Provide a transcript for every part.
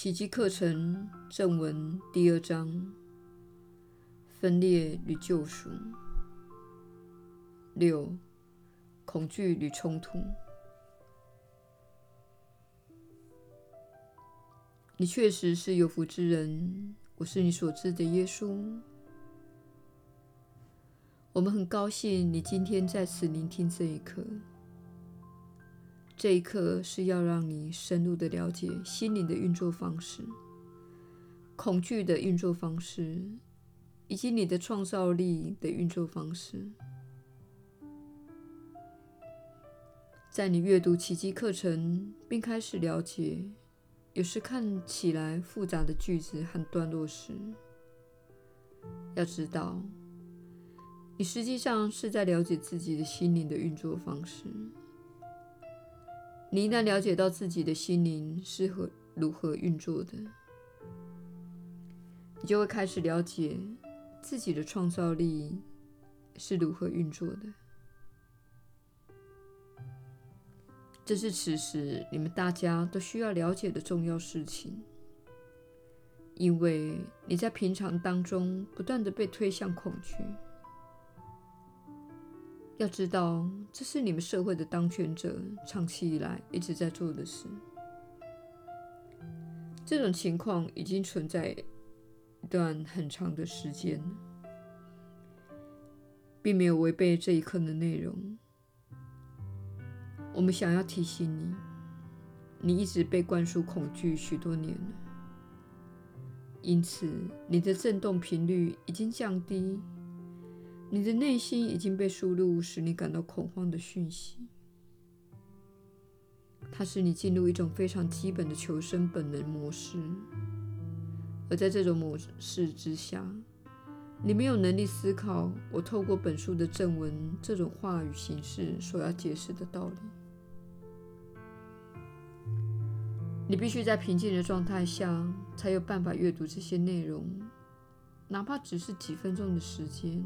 奇蹟課程正文第二章：分裂與救贖。六，恐懼與衝突。你確實是有福之人，我是你所知的耶穌。我們很高興你今天在此聆聽這一課。這一課是要讓你深入地了解心靈的運作方式、恐懼的運作方式，以及你的創造力的運作方式。在你閱讀奇蹟課程並開始了解有時看起來複雜的句子和段落時，要知道，你實際上是在了解自己的心靈的運作方式。你一旦了解到自己的心靈是如何運作的，你就會開始了解自己的創造力是如何運作的。這是此時你們大家都需要了解的重要事情，因為你在平常當中不斷的被推向恐懼。要知道，這是你們社會的當權者長期以來一直在做的事。這種情況已經存在一段很長的時間了，並沒有違背這一課的內容。我們想要提醒你，你一直被灌輸恐懼許多年了，因此你的振動頻率已經降低。你的內心已經被輸入使你感到恐慌的訊息，它使你進入一種非常基本的求生本能模式。而在這種模式之下，你沒有能力思考我透過本書的正文這種話語形式所要解釋的道理。你必須在平靜的狀態下才有辦法閱讀這些內容，哪怕只是幾分鐘的時間。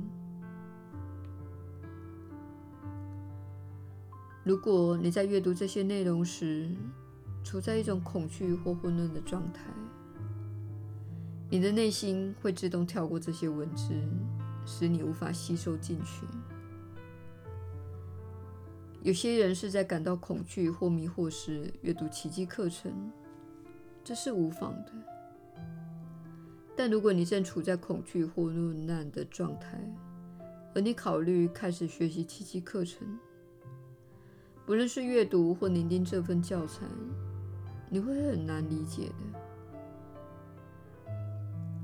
如果你在閱讀這些內容時，處在一種恐懼或混亂的狀態，你的內心會自動跳過這些文字，使你無法吸收進去。有些人是在感到恐懼或迷惑時閱讀奇蹟課程，這是無妨的。但如果你正處在恐懼或混亂的狀態，而你考慮開始學習奇蹟課程，不論是閱讀或聆聽這份教材，你會很難理解的，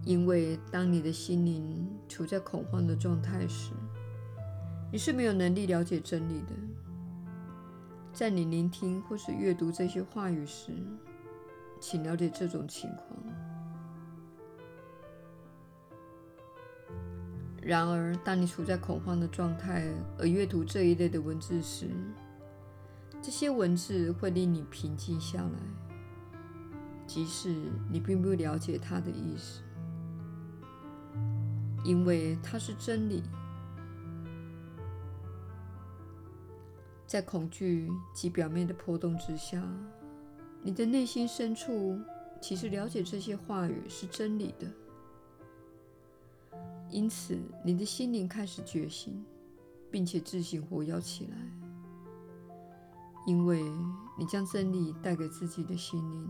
因為當你的心靈處在恐慌的狀態時，你是沒有能力了解真理的。在你聆聽或是閱讀這些話語時，請了解這種情況。然而，當你處在恐慌的狀態而閱讀這一類的文字時，這些文字會令你平靜下來，即使你並不了解它的意思，因為它是真理。在恐懼及表面的波動之下，你的內心深處其實了解這些話語是真理的。因此，你的心靈開始覺醒，並且自行活躍起來。因為你將真理帶給自己的心靈，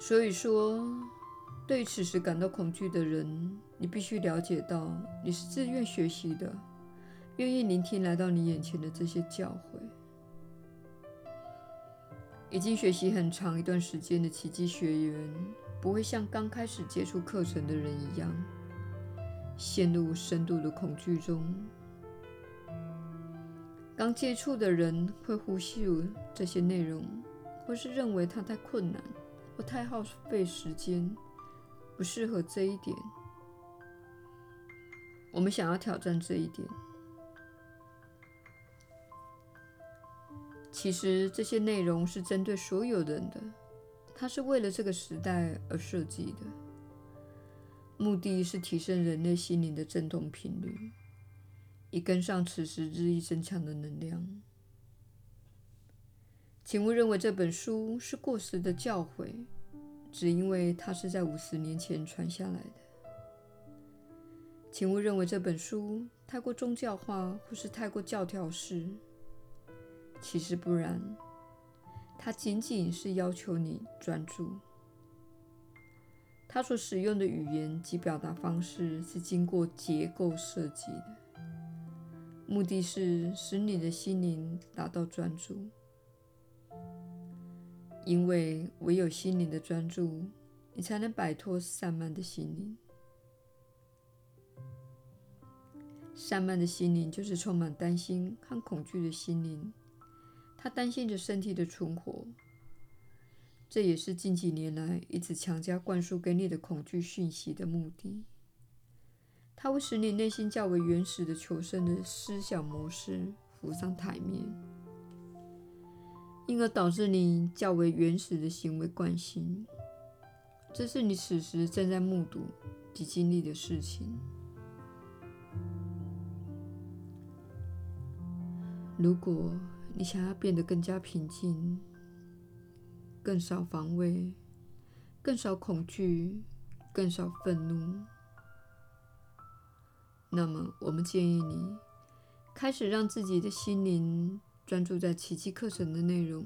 所以說，對此時感到恐懼的人，你必須了解到，你是自願學習的，願意聆聽來到你眼前的這些教誨。已經學習很長一段時間的奇蹟學員，不會像剛開始接觸課程的人一樣，陷入深度的恐懼中。剛接觸的人會忽視這些內容，或是認為它太困難，或太耗費時間，不適合這一點。我們想要挑戰這一點。其實這些內容是針對所有人的，它是為了這個時代而設計的，目的是提升人類心靈的振動頻率。以跟上此時日益增強的能量，請勿認為這本書是過時的教誨，只因為它是在五十年前傳下來的。請勿認為這本書太過宗教化或是太過教條式，其實不然，它僅僅是要求你專注。它所使用的語言及表達方式是經過結構設計的。目的是使你的心靈達到專注，因為唯有心靈的專注，你才能擺脫散漫的心靈。散漫的心靈就是充滿擔心和恐懼的心靈，它擔心着身體的存活，這也是近幾年來一直強加灌輸給你的恐懼訊息的目的。它會使你內心較為原始的求生的思想模式浮上檯面，因而導致你較為原始的行為慣性。這是你此時正在目睹及經歷的事情。如果你想要變得更加平靜，更少防衛，更少恐懼，更少憤怒。那麼，我們建議你開始讓自己的心靈專注在奇蹟課程的內容。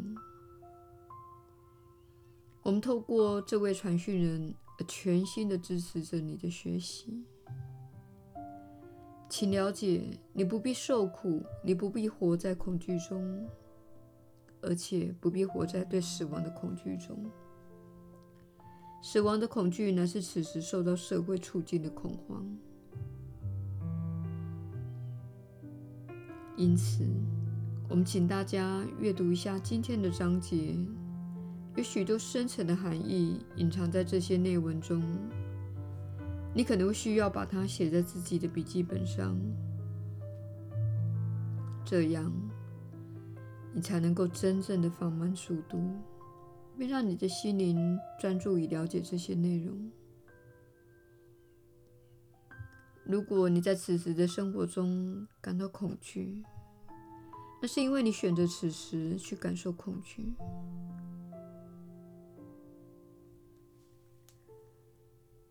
我們透過這位傳訊人，而全心地支持着你的學習。請了解，你不必受苦，你不必活在恐懼中，而且不必活在對死亡的恐懼中。死亡的恐懼乃是此時受到社會促進的恐慌。因此，我們請大家閱讀一下今天的章節，有許多深層的含義隱藏在這些內文中。你可能會需要把它寫在自己的筆記本上，這樣你才能夠真正的放慢速度，並讓你的心靈專注以了解這些內容。如果你在此時的生活中感到恐懼，那是因為你選擇此時去感受恐懼。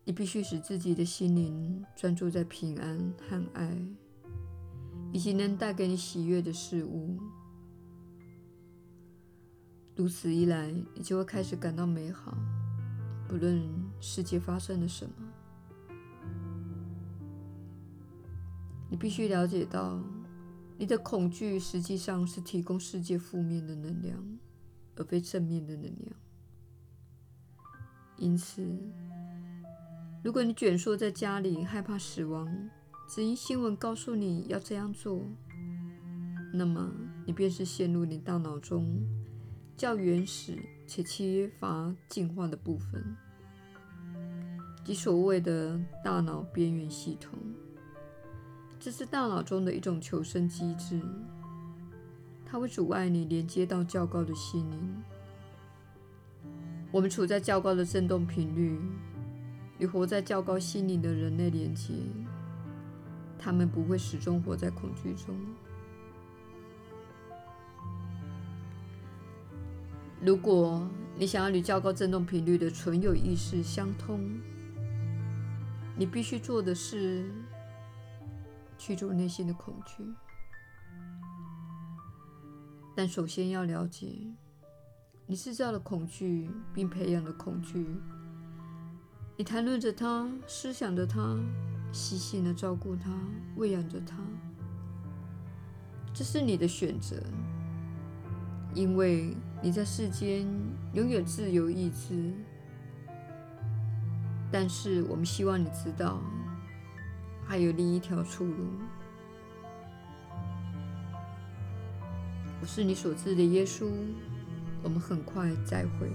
你必須使自己的心靈專注在平安和愛，以及能帶給你喜悅的事物。如此一來，你就會開始感到美好，不論世界發生了什麼。你必須了解到，你的恐懼實際上是提供世界負面的能量，而非正面的能量。因此，如果你蜷縮在家裡，害怕死亡，只因新聞告訴你要這樣做，那麼你便是陷入你大腦中較原始且缺乏進化的部分，即所謂的大腦邊緣系統。這是大腦中的一種求生機製，它會阻礙你連接到較高的心靈。我們處在較高的振動頻率，與活在較高心靈的人類連接，他們不會始終活在恐懼中。如果你想要與較高振動頻率的存有意識相通，你必須做的是。驅逐內心的恐懼，但首先要了解，你製造了恐懼，並培養了恐懼。你談論着它，思想着它，悉心的照顧它，餵養着它。這是你的選擇，因為你在世間擁有自由意志。但是，我們希望你知道。還有另一條出路。我是你所知的耶穌。我們很快再會。